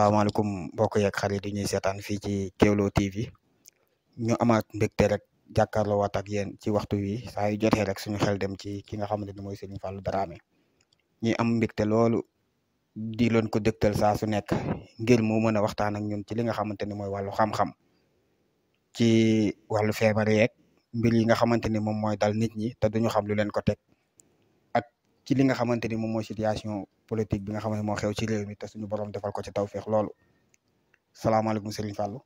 salaamaaleykum mbokk yeeg xarit yi ñuy seetaan fii ci Kéwoulo TV ñu amaat mbégte rek jàkkaarloo waat ak yéen ci waxtu wi saa yu jote rek suñu xel dem ci ki nga xamante ni mooy Serigne Fallou Dramé ñuy am mbégte loolu di loon ko dëgtal saa su nekk ngir mu mën a waxtaan ak ñun ci li nga xamante ni mooy wàllu xam-xam ci wàllu feebar yeeg mbir yi nga xamante ni moom mooy dal nit ñi te duñu xam lu leen ko teg ci li nga xamante ni moom mooy situation politique bi nga xamante moo xew ci réew mi te suñu borom defal ko ci tawféex loolu salaamaaleykum Serigne Fallou.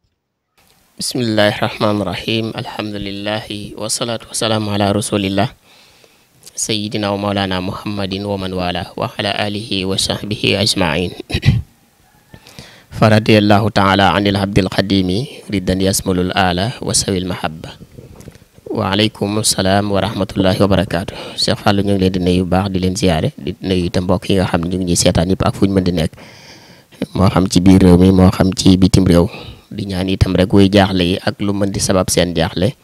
bismillahi rahmaani rahim alhamdulilahi wasalaatu wasalaamu ala rasulillah sayidina wa maulana muhammadin wa man wala wa ala alihi wa sahbihi ajmain fa radiallahu taala an il abdil qadimi riddan yasmulul ala wa sawil mahabba waaleykum salaam wa rahmatullahi wa barakaatu Cheikh Fallou ñu ngi leen di nuyu bu baax di leen ziyaare di nuyu itam mbokk yi nga xam ne ñu ñuy seetaan yëpp ak fu ñu mën di nekk moo xam ci biir réew mi moo xam ci bitim réew di ñaan itam rek wuy jaaxle yi ak lu mën di sabab seen jaaxle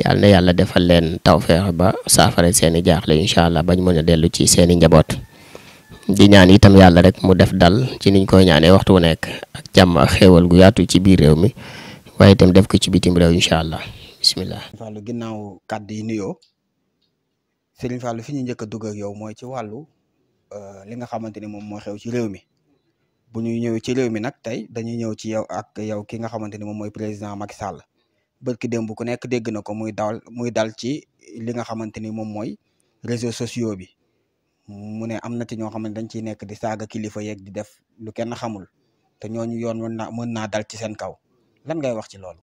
yal na yàlla defal leen tawfeex ba saafara seen i jaaxle incha allah bañ mën a dellu ci seen i njaboot di itam yàlla rek mu def dal ci niñ koy ñaanee waxtu wu nekk ak jàmm ak gu yaatu ci biir réew mi waaye itam def ko ci bitim réew incha allah bisimilah. Sëriñ Fallou ginnaaw kàddu yi nuyoo Sëriñ Fallou fi ñu njëkk a dugg yow mooy ci wàllu euh, li nga xamante ni moom mooy xew ci réew mi bu ñuy ñëw ci réew mi nag tey dañuy ñëw ci yow ak yow ki nga xamante ni moom mooy président Macky Sall bërki démb ku nekk dégg na ko muy dal muy dal ci li nga xamante ni moom mooy réseaux sociaux bi mu ne am na ci ñoo xam ne dañ ciy nekk di saaga kilifa yeeg di def lu kenn xamul te ñooñu yoon mën naa mën naa dal ci seen kaw lan ngay wax ci loolu.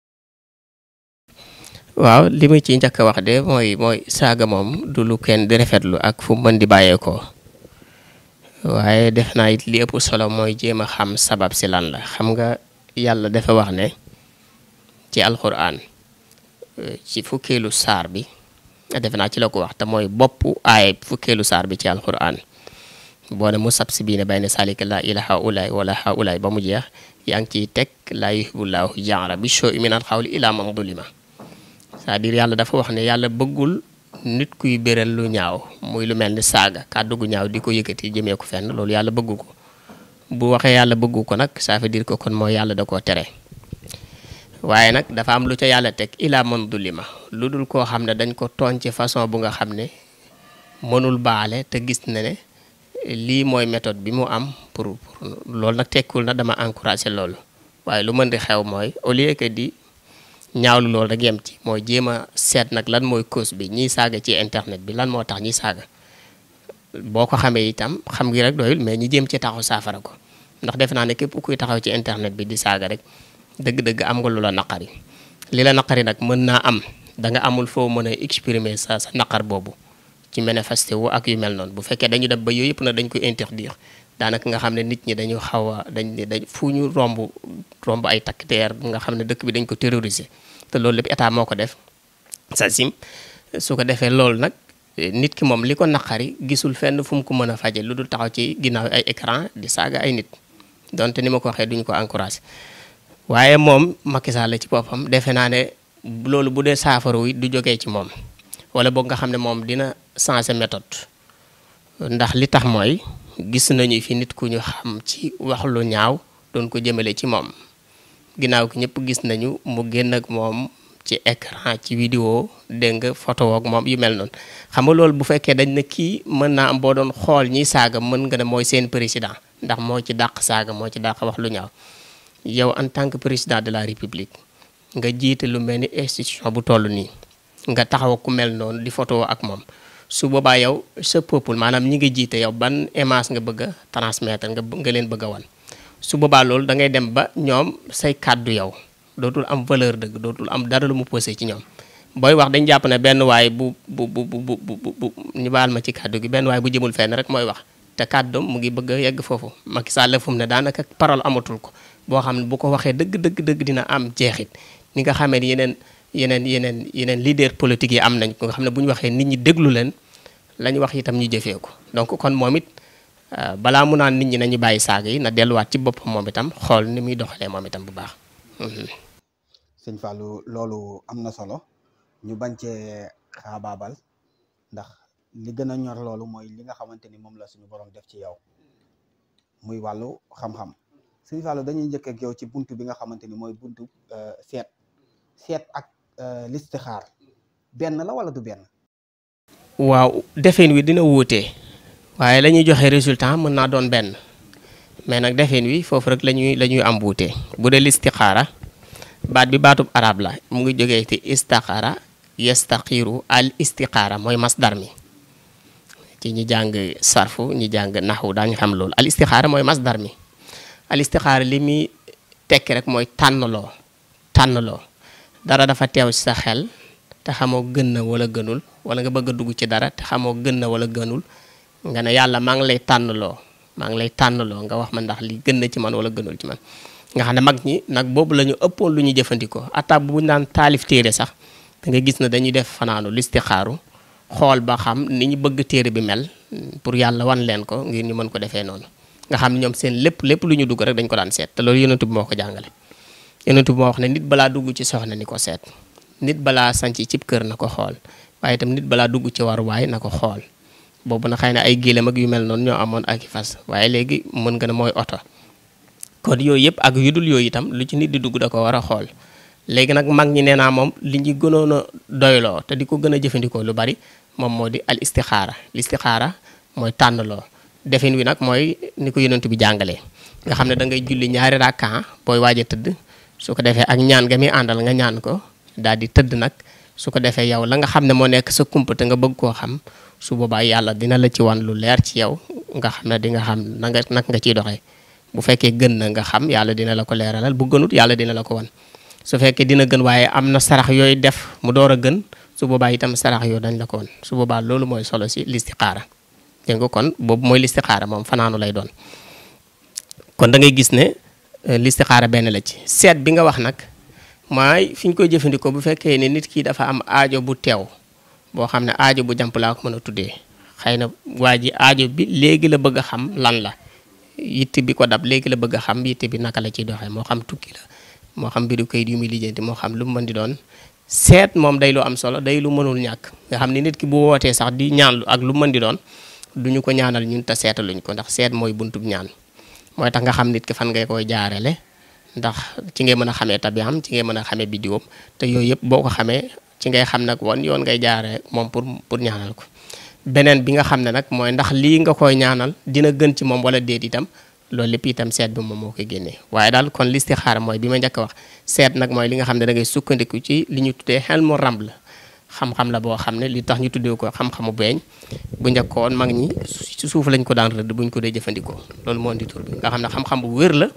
waaw li mu ci njëkk a wax de mooy mooy saaga moom du lu kenn di rafetlu ak fu mën di bàyyeekoo waaye def naa it li ëpp solo mooy jéem a xam sabab si lan la xam nga yàlla dafa wax ne ci alquran ci fukkeelu saar bi def naa ci la ko wax te mooy bopp aay fukkeelu saar bi ci alquran boo ne mu sab si bii ne bay ne saalika laa ilaha ulay wala ha ulay ba mu jeex yaa ngi ciy teg laa yuhibullaahu jaara bi soo i minal xawli ilaa man dulima c'est-à-dire yàlla dafa wax ne yàlla bëggul nit kuy béral lu ñaaw muy lu mel ni saaga kàddu ñaaw di ko yëkkati jëmee ko fenn loolu yàlla bëggu ko bu waxee yàlla bëggu ko nag ça veut ko kon mooy yàlla da koo tere waaye nag dafa am lu ca yàlla teg ilaa man dulima lu dul koo xam ne dañ ko tooñ façon bu nga xam ne mënul baale te gis na ne lii mooy méthode bi mu am pour pour loolu nag tekkul na dama encouragé loolu waaye lu mën di xew mooy au lieu ñaawlu loolu rek yem ci moo jéem a seet nag lan mooy cause bi ñiy saaga ci internet bi lan moo tax ñiy saaga boo ko xamee itam xam ngi rek doyul mais ñi jéem ci taxaw saafara ko ndax defe naa ne képp kuy taxaw ci internet bi di saaga rek dëgg-dëgg am nga lu la naqari li la naqari nag mën naa am danga nga amul foo mën a exprimer sa sa naqar boobu ci manifesté wu ak yu mel noonu bu fekkee dañu def ba yooyu yëpp nag dañ ko interdire daanaka nga xam ne nit ñi dañu xaw a dañ dañ fu ñu romb romb ay takk der nga xam ne dëkk bi dañ ko terroriser te loolu lépp état moo ko def sasim su ko defee loolu nag nit ki moom li ko naqari gisul fenn fu mu ko mën a faje lu dul taxaw ci ginnaaw ay écran di saaga ay nit donte ni ma ko waxee duñu ko encouragé waaye moom Macky la ci popam defe naa ne loolu bu dee saafara wi du jógee ci moom wala boog nga xam ne moom dina changer métode ndax li tax mooy gis nañu fi nit ku ñu xam ci wax lu ñaaw doon ko jëmalee ci moom ginnaaw ki ñëpp gis nañu mu génn ak moom ci écran ci vidéo dégg nga photo ak moom yu mel noonu xam nga loolu bu fekkee dañ na kii mën naa am boo doon xool ñi saaga mën nga de mooy seen président ndax moo ci dàq saaga moo ci dàq wax lu ñaaw yow en tant que président de la république nga jiite lu mel ni institution bu toll nii nga taxaw ku mel noonu di photo ak moom su boobaa yow sa peuple maanaam ñi nga jiite yow ban image nga bëgg a transmettre nga nga leen bëgg wan su boobaa loolu dangay dem ba ñoom say kàddu yow dootul am valeur dëgg dootul am dara lu mu pose ci ñoom booy wax dañ jàpp ne benn waaye bu bu bu bu bu ñu baal ma ci kàddu gi benn waay bu jëmul fenn rek mooy wax te kàddoom mu ngi bëgg a yegg foofu Macky Sall fu mu ne daanaka parole amatul ko boo xam ne bu ko waxee dëgg dëgg dina am jeexit ni nga xamee yeneen yeneen yeneen yeneen leader politique yi am nañ ko nga xam ne bu ñu waxee nit ñi déglu leen la wax itam ñu jëfee ko donc kon moom it euh, balaa mu naan nit ñi nañu bàyyi saaga yi na delluwaat ci bopp moom itam xool ni muy doxalee moom itam bu baax. Mhm. sëñ Fallou loolu am na solo ñu bañ cee xaabaabal ndax li gën a ñor loolu mooy li nga xamante ni moom la suñu borom def ci yow muy wàllu xam-xam sëñ Fallou dañuy njëkk ak yow ci bunt bi nga xamante ni mooy buntu euh, seet seet ak. Euh, listixaar la wala du waaw defin wi dina wuute waaye lañuy joxe résultant mën naa doon benn mais nag defin wi foofu rek la ñuy am wuute bu dee listixaara baat bi baatub arab la mu ngi jógee ci istaxaara yastaxiru al istixaara mooy masdar mi ci ñi jàng sarfu ñi jàng naxu daañ xam loolu al istixaara mooy masdar mi al istixaara li mi tekki rek mooy tànnloo tànnloo dara dafa teew ci sa xel te xamoo gën na wala gënul wala nga bëgg a dugg ci dara te xamoo gën na wala gënul nga ne yàlla maa ngi lay tànnloo maa ngi lay tànnloo nga wax ma ndax li gën na ci man wala gënul ci man nga xam ne mag ñi nag boobu la ñu ëppoon lu ñu jëfandikoo attaque bu ñu naan taalif téere sax da gis ne dañuy def fanaanu listixaaru xool ba xam ni ñu bëgg téere bi mel pour yàlla wan leen ko ngir ñu mën ko defee noonu nga xam ñoom seen lépp lépp lu ñu dugg rek dañ ko daan seet te loolu yonent bi moo ko jàngale yonent bi moo wax ne nit balaa dugg ci soxna ni ko seet nit balaa sanc cib kër na ko xool waaye tam nit balaa dugg ci waruwaay na ko xool boobu na xay na ay gilam ak yu mel noonu ñoo amoon ak i fas waaye léegi mën nga ne mooy oto kon yooyu yëpp ak yu dul yooyu itam lu ci nit di dugg da ko war a xool léegi nag mag ñi nee naa moom li ñu gënoon a doyloo te di ko gën a jëfandikoo lu bari moom moo di al istixaara l' istixaara mooy tànnloo defin wi nag mooy ni ko yonent bi jàngalee nga su ko defee ak ñaan nga muy àndal nga ñaan ko daal di tëdd nag su ko defee yow la nga xam ne moo nekk sa kumpa te nga bëgg koo xam su boobaa yàlla dina la ci wan lu leer ci yow nga xam ne di nga xam na nag nga ciy doxee bu fekkee gën na nga xam yàlla dina la ko leeralal bu gënut yàlla dina la ko wan su fekkee dina gën waaye am na sarax yooyu def mu door a gën su boobaa itam sarax yooyu dañ la ko wan su boobaa loolu mooy solo si listixaara dégg nga kon boobu mooy listixaara moom fanaanu lay doon kon da gis ne Euh, listixaara benn la ci seet bi nga wax nag maay fi ñu koy jëfandikoo bu fekkee ne nit kii dafa am aajo bu teew boo xam ne aajo bu jàmp laa ko mën a tuddee xëy na waa ji aajo bi léegi la bëgg a xam lan la yitt bi ko dab léegi la bëgg a xam yitt bi naka la ciy doxee moo xam tukki la moo xam mbiru kayit yu muy lijjanti moo xam lu mu mën di doon seet moom day lu am solo day lu mënul ñàkk nga xam ne nit ki bu wootee sax di ñaan lu ak lu mën di doon duñu ko ñaanal ñun te seetaluñ ko ndax seet mooy buntub ñaan mooy tax nga xam nit ki fan nga koy jaarele ndax ci ngay mën a xamee tabiam ci ngay mën a xamee biddiwam te yooyu yëpp boo ko xamee ci ngay xam nag wan yoon ngay jaare moom pour pour ñaanal ko beneen bi nga xam ne nag mooy ndax lii nga koy ñaanal dina gën ci moom wala déet itam loolu lépp itam seet bi moom moo koy génnee waaye daal kon listixaara mooy bi ma njëkk wax seet nag mooy li nga xam ne da sukkandiku ci li ñu tuddee xel mu ramb la xam-xam la boo xam ne li tax ñu tuddee ko xam-xamu beeñ bu njëkkoon mag ñi ci suuf lañ ko daan rëdd buñ ko dee jëfandikoo loolu moo indi tur bi nga xam ne xam-xam bu wér la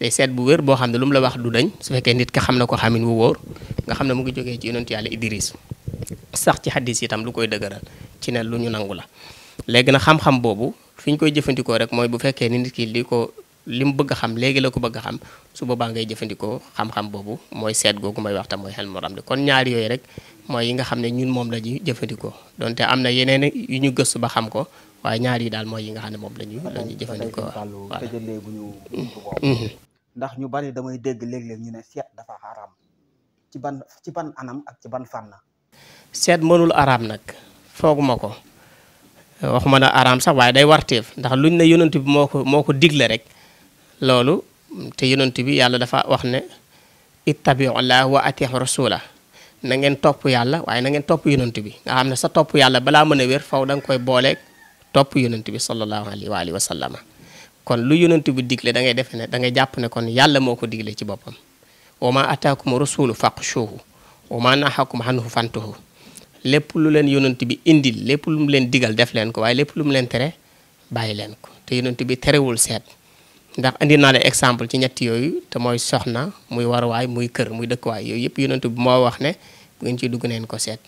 day seet bu wér boo xam ne lu mu wax du dañ su fekkee nit ki xam na ko xamin wu wóor nga xam ne mu ngi jógee ci yonentu yàlla Idris sax ci xaddis itam lu koy dëgëral ci ne lu ñu nangu la léegi nag xam-xam boobu fi ñu koy jëfandikoo rek mooy bu fekkee ni nit kii li ko li mu bëgg xam léegi la ko bëgg a xam su baa ngay jëfandikoo xam-xam boobu mooy seet googu may waxta mooy xel mu ram kon ñaar yooyu rek mooy yi nga xam ne ñun moom la ñuy jëfandikoo donte am na yeneen yu ñu gëstu ba xam ko waaye ñaar yi daal mooy yi nga xam ne moom la ñuy la ñuy jëfandikoo voilà mhm. mhm. ndax ñu bari damay dégg léeg-léeg ñu ne seet dafa araam ci ban ci ban anam ak ci ban fànn seet mënul araam nag fooguma ko waxuma na araam sax waaye day warteef ndax luñ ne yonent bi moo ko moo ko digle rek loolu te yonent bi yàlla dafa wax ne ittabi'u llaah wa atii'u rasuula na ngeen topp yàlla waaye na topp yonent bi nga xam ne sa topp yàlla balaa mën a wér faw da koy boole topp yonent bi sallallahu alayhi wa alihi wa sallama kon lu yonent bi digle da ngay defe ne da ngay jàpp ne kon yàlla moo ko digle ci boppam wa ma ataakum rasulu faqshuhu wa ma nahakum anhu fantuhu lépp lu leen yonent bi indil lépp lu mu leen digal def leen ko waaye lépp lu mu leen tere bàyyi leen ko te yonent bi terewul seet ndax indi naa la exemple ci ñetti yooyu te mooy soxna muy waay muy kër muy dëkkuwaay yooyu yëpp yonent bi moo wax ne bu ngeen ciy dugg neen ko seet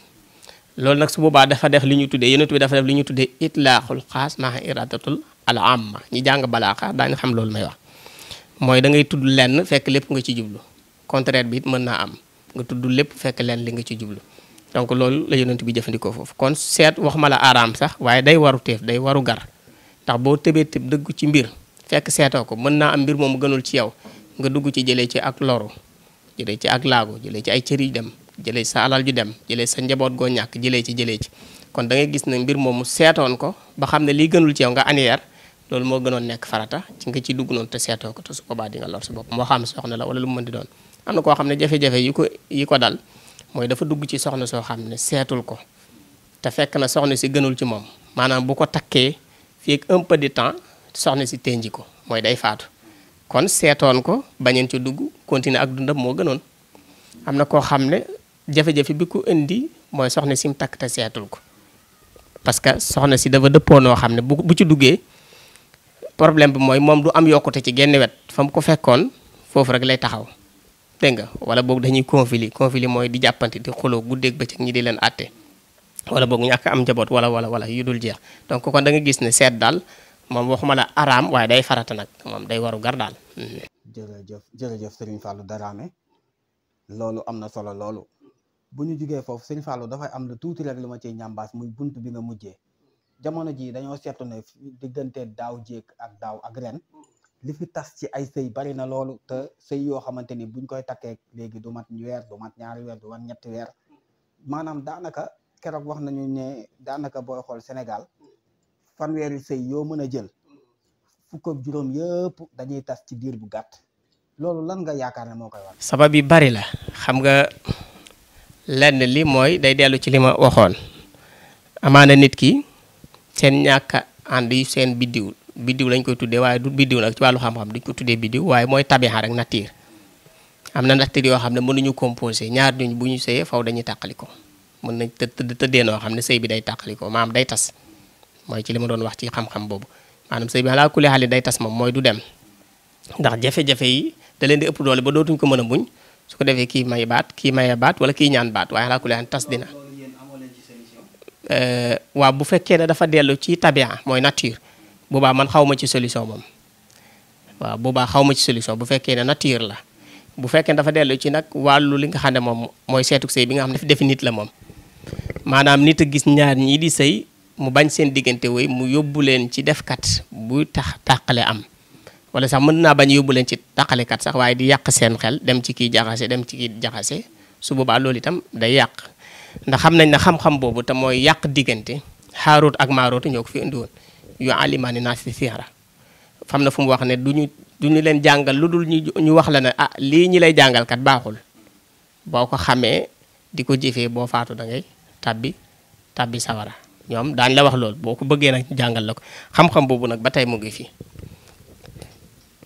loolu nag su boobaa dafa def li ñu tuddee yonent bi dafa def ñu tuddee itlaaxul xaas maa iradatul al amma ñi jàng balaaxa daañu xam loolu may wax mooy da tudd lenn fekk lépp nga ci jublu contraire bi it mën naa am nga tudd lépp fekk lenn li nga ci jublu donc loolu la yonent bi jëfandikoo foofu kon seet wax ma la araam sax waaye day waru teef day waru gar ndax boo tëbee tëb dëggu ci mbir fekk seetoo ko mën naa am mbir moomu gënul ci yow nga dugg ci jëlee ci ak loru jëlee ci ak laago jëlee ci ay cër dem jëlee ci sa alal ju dem jëlee sa njaboot goo ñàkk jëlee ci jëlee ci kon dangay gis ne mbir moom mu seetoon ko ba xam ne lii gënul ci yow nga annière loolu moo gënoon nekk farata ci nga ciy dugg noonu te seetoo ko te su boobaa di nga lor sa bopp moo xam soxna la wala lu mu mën di doon am na koo xam ne jafe-jafe yi ko yi ko dal mooy dafa dugg ci soxna soo xam ne seetul ko te fekk na soxna si gënul ci moom soxna si tenji ko mooy day faatu kon seetoon ko bañeen ci dugg continuer ak dundam moo gënoon am na koo xam ne jafe-jafe bi ko indi mooy soxna si mu takk te seetul ko parce que soxna si dafa dëppoo noo xam ne bu bu ci duggee problème bi mooy moom du am yokkute ci genn wet fa mu ko fekkoon foofu rek lay taxaw dégg nga wala boog dañuy conflit conflit mooy di jàppante di xuloo guddeeg bëccëg ñi di leen àtte wala boog ñàkk am njaboot wala wala wala yu dul jeex moom waxuma la araam waaye day farata moom day waru gar daal. jërëjëf jërëjëf Serigne Fallou Darame loolu am na solo loolu bu ñu jugee foofu Serigne Fallou dafay am lu tuuti rek lu ma ciy ñambaas muy bunt bi nga mujjee jamono jii dañoo seetlu ne diggante daaw jéeg ak daaw ak ren li fi tas ci ay sëy bari na loolu te sëy yoo xamante ni buñ koy takkee léegi du mat weer du mat ñaari weer du mat ñetti weer maanaam daanaka keroog wax nañu ne daanaka booy xool Sénégal. fanweeri sëy yoo mën a jël fu ak juróom yëpp dañuy tas ci diir bu gàtt loolu lan nga yaakaar ne moo koy waral. sabab yi bari la xam nga lenn li mooy day dellu ci li ma waxoon amaana nit ki seen ñàkk ànd yi seen biddiw biddiw lañ koy tuddee waaye du biddiw nag ci wàllu xam-xam duñ ko tuddee biddiw waaye mooy tabixa rek nature am na nature yoo xam ne mënuñu composé ñaar ñu bu ñu sëyee faw dañuy tàqali ko mën nañ të tëddee noo xam ne sëy bi day tàqali maam day tas. mooy ci li ma doon wax ci xam-xam boobu maanaam sëy bi alaa kulli tas moom mooy du dem ndax jafe yi leen di ëpp doole ba dootuñ ko mën a muñ su ko defee kii may baat kii maye baat wala kii ñaan baat waaye alaa tas dina waaw bu fekkee ne dafa dellu ci tabia mooy nature boobaa man xaw ma ci solution moom waaw boobaa xaw ma ci solution bu fekkee ne nature la bu fekkee dafa dellu ci nag wàllu li nga xam ne moom mooy seetu sëy bi nga xam ne def nit la moom maanaam nit a gis ñaar ñii di sëy mu bañ seen diggante woy mu yóbbu leen ci defkat buy tax tàqale am wala sax mën naa bañ yóbbu leen ci tàqalekat sax waaye di yàq seen xel dem ci kii jaxase dem ci kii jaxase su boobaa loolu itam day yàq ndax xam nañ ne xam-xam boobu te mooy yàq diggante xaaroot ak maarootu ñoo ko fi indiwoon yu alimaani naa si siira fam na fu mu wax ne duñu du ñu leen jàngal lu dul ñu ñu wax la ne ah lii ñi lay jàngalkat baaxul boo ko xamee di ko jëfee boo faatu da ngay tabbi tabbi sawara ñoom daañ la wax loolu boo ko bëggee nag jàngal la ko xam-xam boobu nag ba tey mu ngi fi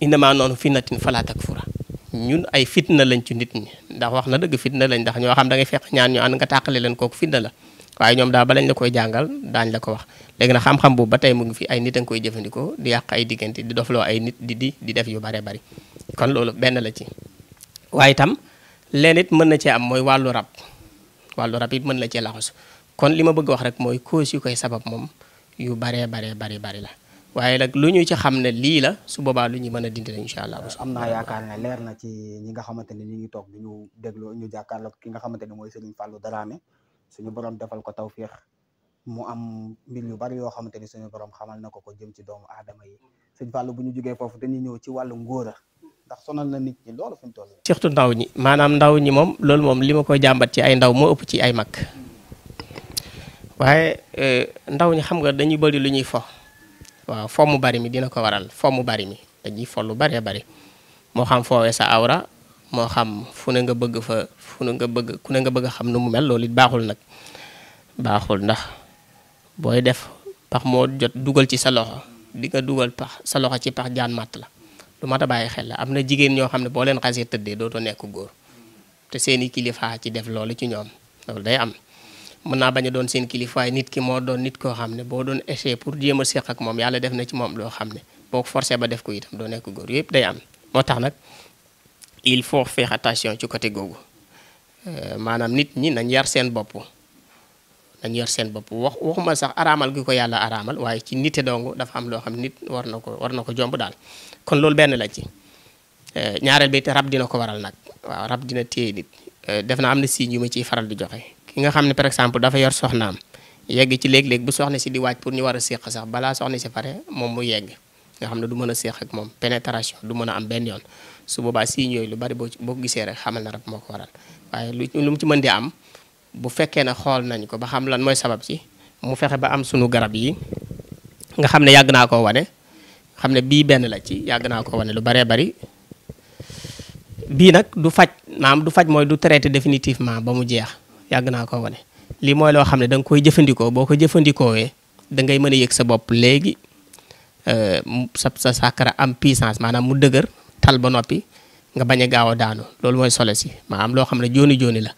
indamaa noonu fitnatin falaa takfura ñun ay fitna lañ ci nit ñi ndax wax na dëgg fitna lañ ndax ñoo xam da ngay fekk ñaan ñu ànd nga tàqale leen kooku fitna la waaye ñoom daal ba lañ la koy jàngal daañ la ko wax léegi na xam-xam boobu ba tey mu ngi fii ay nit a nga koy jëfandikoo di yàq ay diggante di dofloo ay nit di di di def yu bare bari kon loolu benn la ci waaye itam leen mën na cee am mooy wàllu rab wàllu rab mën na cee laxasu kon li ma bëgg wax rek mooy cause yu koy sabab moom yu baree baree bari bari la waaye nag lu ñu ci xam ne lii la su boobaa lu ñuy mën a dindi la allah. am naa yaakaar ne leer na ci ñi nga xamante ne ñu ngi toog ñu dégloo ñu jàkkaarloo ki nga xamante ne mooy Serigne Fallou Dramé suñu boroom defal ko taw tawféex mu am mbir yu bari yoo xamante ni suñu borom xamal na ko ko jëm ci doomu aadama yi Serigne Fallou bu ñu jugee foofu dañuy ñëw ci wàllu ngóora ndax sonal na nit ñi loolu fi mu toll surtout ndaw ñi maanaam ndaw ñi moom loolu moom li ma ko jàmbat ci ay ndaw moo ëpp ci ay mag waaye e, ndaw ñi xam nga dañuy bari lu ñuy fo waaw fo mu bari mi dina ko waral fo mu bari mi dañuy fo lu baree bari moo xam foowee sa awra moo xam fu ne nga bëgg fa fu ne nga bëgg ku ne nga bëgg xam nu mu mel loolu it baaxul nag baaxul ndax booy def pax moo jot dugal ci sa loxo di nga dugal pax sa loxo ci pax jaan màtt la lu mat a bàyyi xel la am na jigéen ñoo xam ne boo leen xasee tëddee dootoo nekk góor te seeni kilifa ci def loolu ci ñoom loolu day am mën naa bañ a doon seen kilifa waaye nit ki moo doon nit koo xam ne boo doon essayé pour jéem a séq ak moom yàlla def na ci moom loo xam ne boo ko forcé ba def ko itam doo nekk góor yëpp day am moo tax nag il faut faire attention ci côté googu euh, maanaam nit ñi nañ yar seen bopp nañ yar seen bopp wax waxuma sax araamal gi ko yàlla araamal waaye ci nite dong dafa am loo xam nit war na ko war na ko jomb daal kon loolu benn la ci euh, ñaareel bi rab dina ko waral nag waaw rab dina téye nit euh, def na am na signe yu ma ciy faral di joxe ki nga xam ne par exemple dafa yor soxnaam yegg ci léeg-léeg bu soxna si di waaj pour ñu war a séq sax balaa soxna si pare moom mu yegg nga xam ne du mën a séq ak moom pénétration du mën a am benn yoon su boobaa signes yooyu lu bari boo boo gisee rek xamal na rab moo ko waral waaye lu lu mu ci mën di am bu fekkee ne xool nañ ko ba xam lan mooy sabab ci mu fexe ba am sunu garab yi nga xam ne yàgg naa koo wane xam ne bii benn la ci yàgg naa koo wane lu baree bari bii nag du faj maam du faj mooy du traité définitivement ba mu jeex yàgg naa ko wane lii mooy loo xam ne da nga koy jëfandikoo boo ko jëfandikoowee da ngay mën a yëg sa bopp léegi euh, sa sa sàkkara am puissance maanaam mu dëgër tal ba noppi nga bañ a gaaw a daanu loolu mooy solo si maanaam loo xam ne jooni jooni la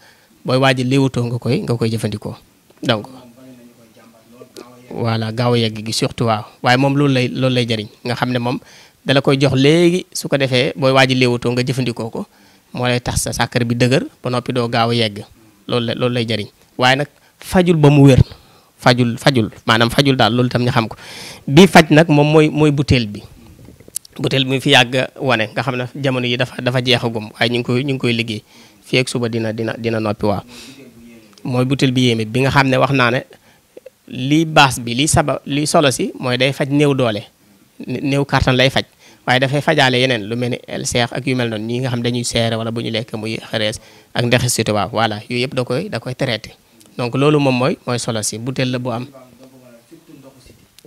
booy léewatoo nga koy nga koy jëfandikoo donc voilà gaaw a yegg gi surtout waaw waaye moom loolu lay loolu lay jëriñ nga xam ne moom dala koy jox léegi su ko defee booy waaj a nga jëfandikoo ko moo lay tax sa sàkkara bi dëgër ba noppi doo gaaw yegg loolu la loolu lay jariñ waaye nag fajul ba mu wér fajul fajul maanaam fajul daal loolu tam ñu xam ko bii faj nag moom mooy butéel bi butéel bi mu fi yàgg wane nga xam ne jamono yi dafa dafa jeexagum waaye ñu ngi koy ñu ngi koy liggéey fii ak suba dina dina dina noppi waa mooy butéel bi yéeme bi nga xam ne wax naa ne lii baas bi lii saba lii solo si mooy day faj néew doole néew kàttan lay faj waaye dafay fajaale yeneen lu mel ni el seex ak yu mel noonu ñi nga xam dañuy seere wala bu ñu lekk muy xarees ak ndexi si tubaab voilà yooyu yëpp da koy da koy traité donc loolu moom mooy mooy solo si butéel la bu am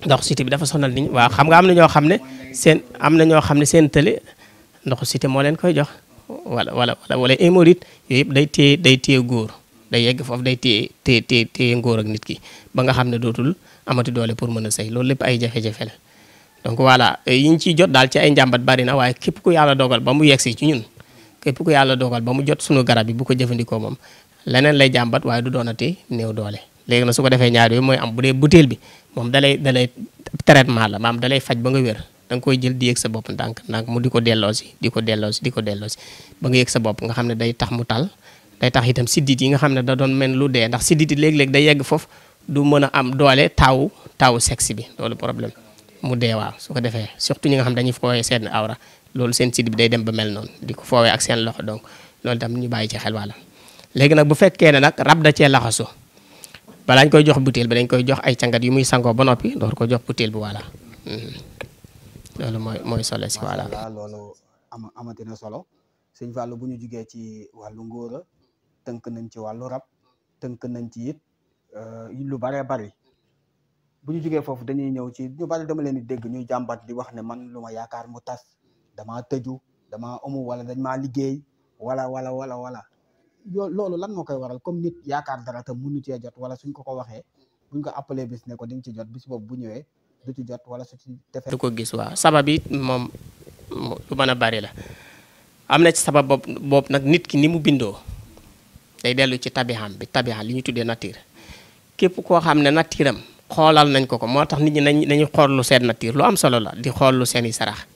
ndoxu bi dafa sonal nit ñi xam nga am na ñoo xam ne seen am na ñoo xam ne seen tëli ndoxu siti moo leen koy jox wala wala wala hémorroïde yooyu yëpp day téye day téye góor day yegg foofu day téye téye téye ngóor ak nit ki ba nga xam ne dootul amati doole pour mën a sëy loolu lépp ay jafe la donc voilà yi ñu ciy jot daal ci ay njàmbat bari na waaye képp ku yàlla dogal ba mu yegsi ci ñun képp ku yàlla dogal ba mu jot sunu garab yi bu ko jëfandikoo moom leneen lay jàmbat waaye du doonati néew doole léegi na su ko defee ñaar yooyu mooy am bu dee butéel bi moom dalay dalay traitement la maam dalay faj ba nga wér da koy jël di sa bopp ndànk ndànk mu di ko delloo si di ko delloo si di ko delloo ba nga yëg sa bopp nga xam ne day tax mu tal day tax itam siddit yi nga xam ne da doon men lu dee ndax siddit yi léeg-léeg da yegg foofu du mën a am doole taawu taawu sexe bi loolu problème mu dee su ko defee surtout ñi nga xam dañuy foowee seen awra loolu seen sid bi day dem ba mel noonu di ko foowee ak seen loxo donc loolu tam ñu bàyyi ci xel walla léegi nag bu fekkee ne nag rab da cee laxasu balaañ koy jox butéel bi dañ koy jox ay cangat yu muy sangoo ba noppi door ko jox butéel bi voilà hmm. mooy mooy solo si voilà. loolu am amati na solo sëñ Fallou bu ñu jugee ci wàllu ngóora tënk nañ ci wàllu rab tënk nañ ci it euh, lu baree bari bu ñu jugee foofu dañuy ñëw ci ñu bari dama leen di dégg ñuy jàmbat di wax ne man lu ma yaakaar mu tas damaa tëju dama amu wala dañ maa liggéey wala wala wala wala yoo loolu lan moo koy waral comme nit yaakaar dara te mënu cee jot wala suñ ko ko waxee buñ ko appelé bis ne ko di nga ci jot bis boobu bu ñëwee du ci jot wala su ci defee du ko gis waa sabab yi moom lu mën a bari la am na ci sabab boobu boobu nag nit ki ni mu bindoo day dellu ci tabixam bi tabixam li ñu tuddee nature képp koo xam ne naturam xoolal nañ ko ko moo tax nit ñi nañ nañu xool lu na natiir lu am solo la di xoolu lu seeni sarax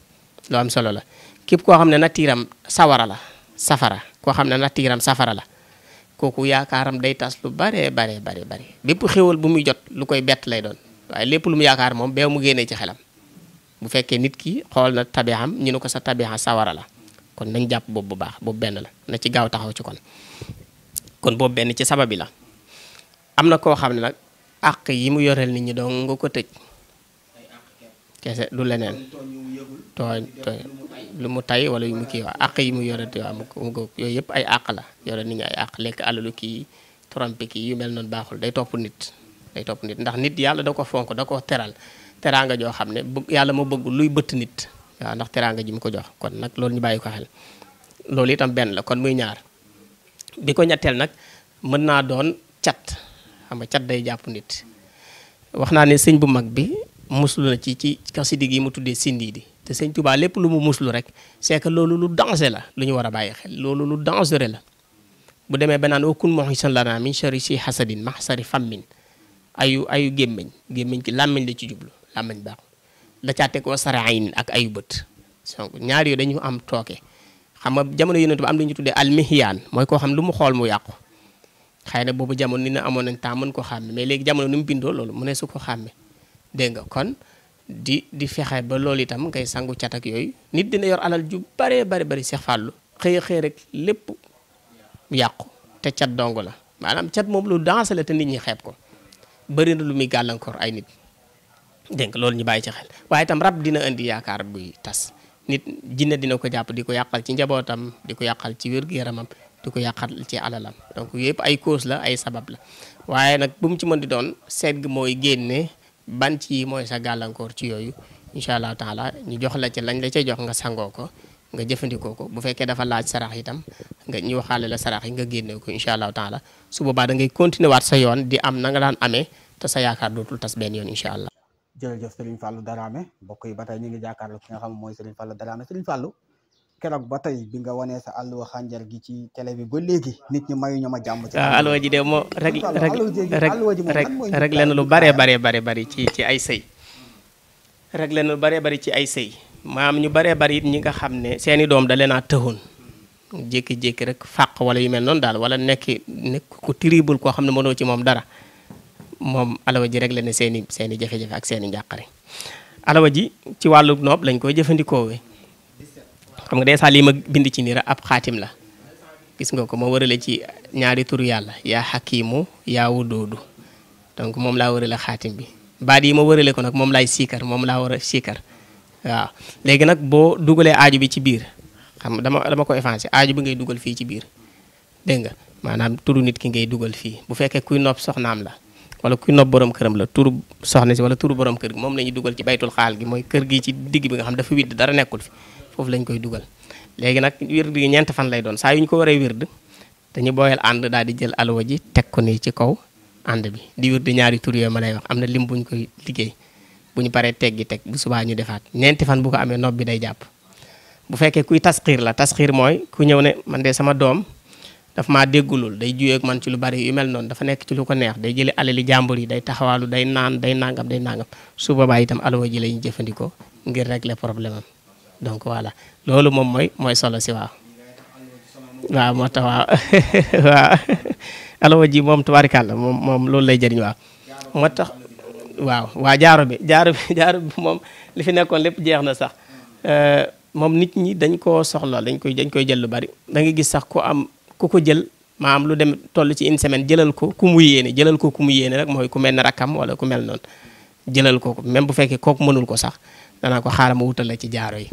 lu am solo la képp koo xam ne na natiiram sawara la safara koo xam ne natiiram safara la kooku yaakaaram day tas lu bare bare bare bare bépp xéwal bu muy jot lu koy bett lay doon lépp lu mu yaakaar moom beew mu génnee ci xelam bu fekkee nit ki xool na tabiaxam ñu ne ko sa tabiaxa sawara la kon nañ jàpp boobu bu baax boobu benn la na ci gaaw taxaw ci kon kon boobu benn ci sababi la am na koo xam ne nag àq yi mu yoreel nit ñi dong nga ko tëj kese du leneen tooñ tooñ lu mu tay wala yu mu kii waa àq yi mu yoreel waa mu ko yooyu yëpp ay àq la yoreel nit ñi ay àq lekk alalu kii trompé yi yu mel noonu baaxul day topp nit day topp nit ndax nit yàlla da ko fonk da ko teral teraanga joo xam ne yàlla mu bëgg luy bëtt nit waaw ndax teraanga ji mu ko jox kon nag loolu ñu bàyyi ko xel loolu itam benn la kon muy ñaar bi ko ñetteel nag mën naa doon cat xam nga day jàpp nit. wax naa ne sëñ bu mag bi muslu na ci ci xasida gi mu tuddee di te sëñ Tuubaa lépp lu mu muslu rek c'est que loolu lu danger la lu ñu war a bàyyi xel loolu lu dangereux la. bu demee ba naan okun muhsin lana min sharri si hasadin mahsari fammin ayu ayu gémmiñ gémmiñ ki làmmiñ la ci jublu làmmiñ baax la caa teg wa sarayin ak ayu bët donc ñaar yooyu dañu am tooke xam nga jamono yonent am lu tuddee almihiyaan mooy koo xëy na boobu jamono nit na amoon nañ temps mën ko xàmme mais léegi jamono ni mu bindoo loolu mu ne su ko xàmme dégg nga kon di di fexe ba loolu itam ngay sangu cat ak yooyu nit dina yor alal ju baree bari bari Seex Fàllu xëy xëy rek lépp yàqu te cat dong la maanaam cat moom lu dansé te nit ñi xeeb ko bëri na lu muy gàllankoor ay nit dégg loolu ñu bàyyi ci xel waaye itam rab dina indi yaakaar buy tas nit jinne dina ko jàpp di ko yàqal ci njabootam di ko yàqal ci wér-gu-yaramam di ko yàqal ci alalam donc yëpp ay cause la ay sabab la waaye nag bu mu ci mën di doon seet gi mooy génne ban ci mooy sa gàllankoor ci yooyu incha allahu taala ñu jox la ci lañ la ca jox nga sangoo ko nga jëfandikoo ko bu fekkee dafa laaj sarax itam nga ñu waxaale la sarax yi nga génne ko incha allahu taala su boobaa da ngay continuer sa yoon di am na nga daan amee te a yaakaar dootul tas benn yoon incha allah. jërëjëf Serigne Fallou Darame mbokk yi ba tey ñu ngi jàkkaarloo ki nga xam keroog ba tey bi nga wanee sa alluwa xànjar gi ci télé bi ba léegi nit ñi mayu ñu ma jàmm ci alluwa ji de moo rek rek rek rek leen lu bare bare bare bari ci ci ay sëy rek leen lu bare bari ci ay sëy maam ñu bare bari it ñi nga xam ne seeni doom da leen a tëxoon jékki-jékki rek fàq wala yu mel noonu daal wala nekki nekk ku terrible koo xam ne mënoo ci moom dara moom alawa ji rek la seeni seeni jafe-jafe ak seeni njàqare alawa ji ci wàllu noob lañ koy jëfandikoo xam nga dèjà lii ma bind ci niir ab xaatim la gis nga ko ma wërale ci ñaari turu yàlla yaa xakiimu yaa wudoodu donc moom laa wërale xaatim bi baat yi ma wërale ko nag moom laay siikar moom laa war a siikar léegi nag boo dugalee aaju bi ci biir xam dama dama ko effacé aaju bi ngay dugal fii ci biir dégg nga maanaam turu nit ki ngay dugal fii bu fekkee kuy nopp soxnaam la wala kuy nopp borom këram la turu soxna si wala turu borom kër gi moom la ñuy dugal ci baytul xaal gi mooy kër gi ci digg bi nga xam dafa widd dara nekkul fi foofu lañ koy dugal léegi nag wird yi ñeenti fan lay doon saa yu ñu ko waree wird dañu booyal ànd daal di jël alwa ji teg ko nii ci kaw ànd bi di wird ñaari tur ma lay wax am na lim buñ koy liggéey bu ñu paree teggi teg bu subaa ñu defaat ñeenti fan bu ko amee nob bi day jàpp bu fekkee kuy tasxiir la tasxiir mooy ku ñëw ne man de sama doom daf maa déggulul day juyee ak ci lu bari yu noonu dafa nekk ci lu ko neex day jëli alali jàmbur yi day taxawaalu day naan day nangam day nàngam su boobaa itam alwa ji la ñu jëfandikoo ngir régler problème am donc voilà loolu moom mooy mooy solo si waaw waaw moo tax waaw waaw moom tubaarikàlla moom moom loolu lay jëriñ waaw moo tax waaw waa jaaro bi jaaro bi moom li fi nekkoon lépp jeex na sax euh, moom nit ñi dañ koo soxla dañ koy dañ koy jël lu bari da gis sax ko am ku ko jël maam lu dem toll ci une semaine jëlal ko ku mu yéene jëlal ko ku mu yéene rek mooy ku mel ne rakkam wala ku mel noonu jëlal ko même bu fekkee kooku mënul ko sax danaa ko xaaral ma wutal la ci jaaro yi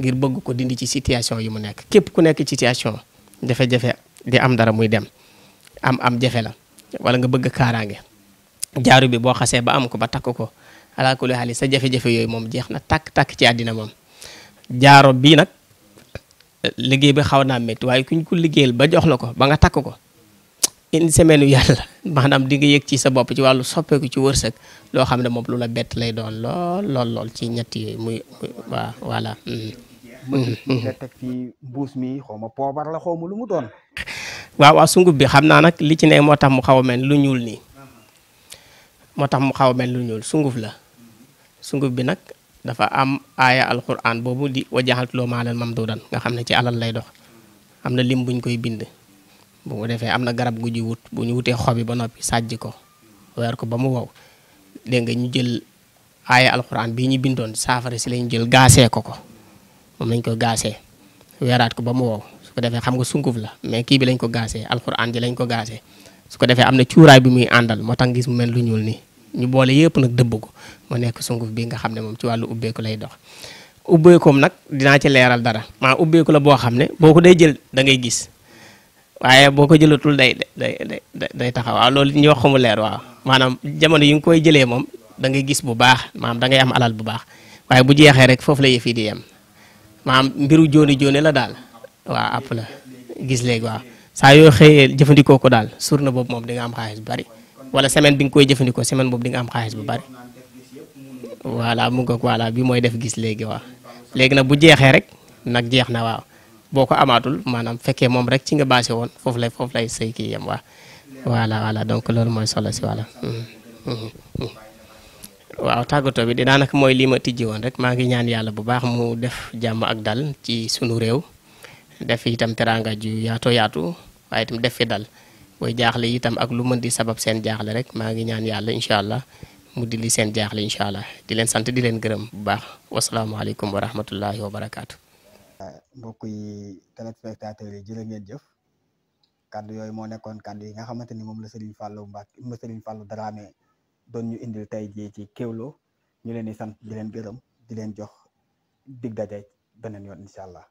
ngir bëgg ko dindi ci situation yi mu nekk képp ku nekk situation jafe-jafe di am dara muy dem am am jafe la wala nga bëgg kaaraange jaaro bi boo xasee ba am ko ba takk ko alaa kulli haal sa jafe-jafe yooyu moom jeex na takk-takk ci àddina moom jaaro bii nag liggéey bi xaw naa métti waaye kuñ ku liggéeyal ba jox la ko ba nga takk ko une semaine yàlla maanaam di nga yëg ci sa bopp ci wàllu soppeeku ci wërsëg loo xam ne moom lu la bett lay doon lool lool lool ci ñett yooyu muy waa mm-hmm. Mm-hmm. Mm-hmm. xaw ma poobar lu mu doon. waaw waaw sungub bi xam naa nag li ci ne moo tax mu xaw a mel lu ñuul nii moo tax mu xaw a mel lu ñuul sunguf la sunguf bi nag dafa am aaya alquran boobu di wajaxaltuloo maalan mamduudan nga xam ne ci alal lay dox am na lim buñ koy bind. bu ko defee am na garab gu ñuy wut bu ñu wutee xob yi ba noppi sàjj ko weer ko ba mu wow dégg nga ñu jël aaye alxuraan bii ñu bindoon saafara si lañu jël gaasee ko ko moom lañ ko gaasee weeraat ko ba mu wow su ko defee xam nga sunguf la mais kii bi lañ ko gaasee alxuraan ji lañ ko gaasee su ko defee am na cuuraay bi muy àndal moo tax gis mu mel lu ñuul ni ñu boole yëpp nag dëbb ko mu nekk sunguf bii nga xam ne moom ci wàllu ubbeeku lay dox ubbeekoom nag dinaa ci leeral dara maa boo xam ne boo ko day jël da gis waaye boo ko jëlatul day day taxaw waaw loolu ñuy wax xamu leer waaw maanaam jamono yi nga koy jëlee moom da ngay gis bu baax maam da ngay am alal bu baax waaye bu jeexee rek foofu la yëf yi di yem maanaam mbiru jooni jooni la daal waaw àpp la gis léegi waaw saa yoo xëyee jëfandikoo ko daal sur na boobu moom di am xaalis bu bari wala semaine bi nga koy jëfandikoo semaine boobu di nga am xaalis bu bari voilà mu ngoog voilà bi mooy def gis léegi waaw léegi nag bu jeexee rek nag jeex na waaw boo ko amaatul maanaam fekkee moom rek ci nga basé woon foofu lay foofu lay sëy kii yem waa voilà voilà donc loolu mooy solo si voilà hmm, hmm, hmm, waaw tàggatoo bi daanaka mooy lii ma tijji woon rek maa ngi ñaan yàlla bu baax mu def jàmm ak dal ci sunu réew def itam teraanga ju yaatoo yaatu waaye itam def fi dal booy jaaxle itam ak lu mën di sabab seen jaaxle rek maa ngi ñaan yàlla incha allah mu di li seen jaaxle incha allah di leen sant di leen gërëm bu baax wasalaamaaleykum wa rahmatullahi wa barakaatu. mbokk yi téléspectateurs yi jërë ngeen jëf kaddu yooyu moo nekkoon kaddu yi nga xamante ni moom la Serigne Fallou Mbacke moom la Serigne dara Dramé doon ñu indil tey jii ci Kéwoulo ñu leen di sant di leen gërëm di leen jox dig daje beneen yoon incha allah.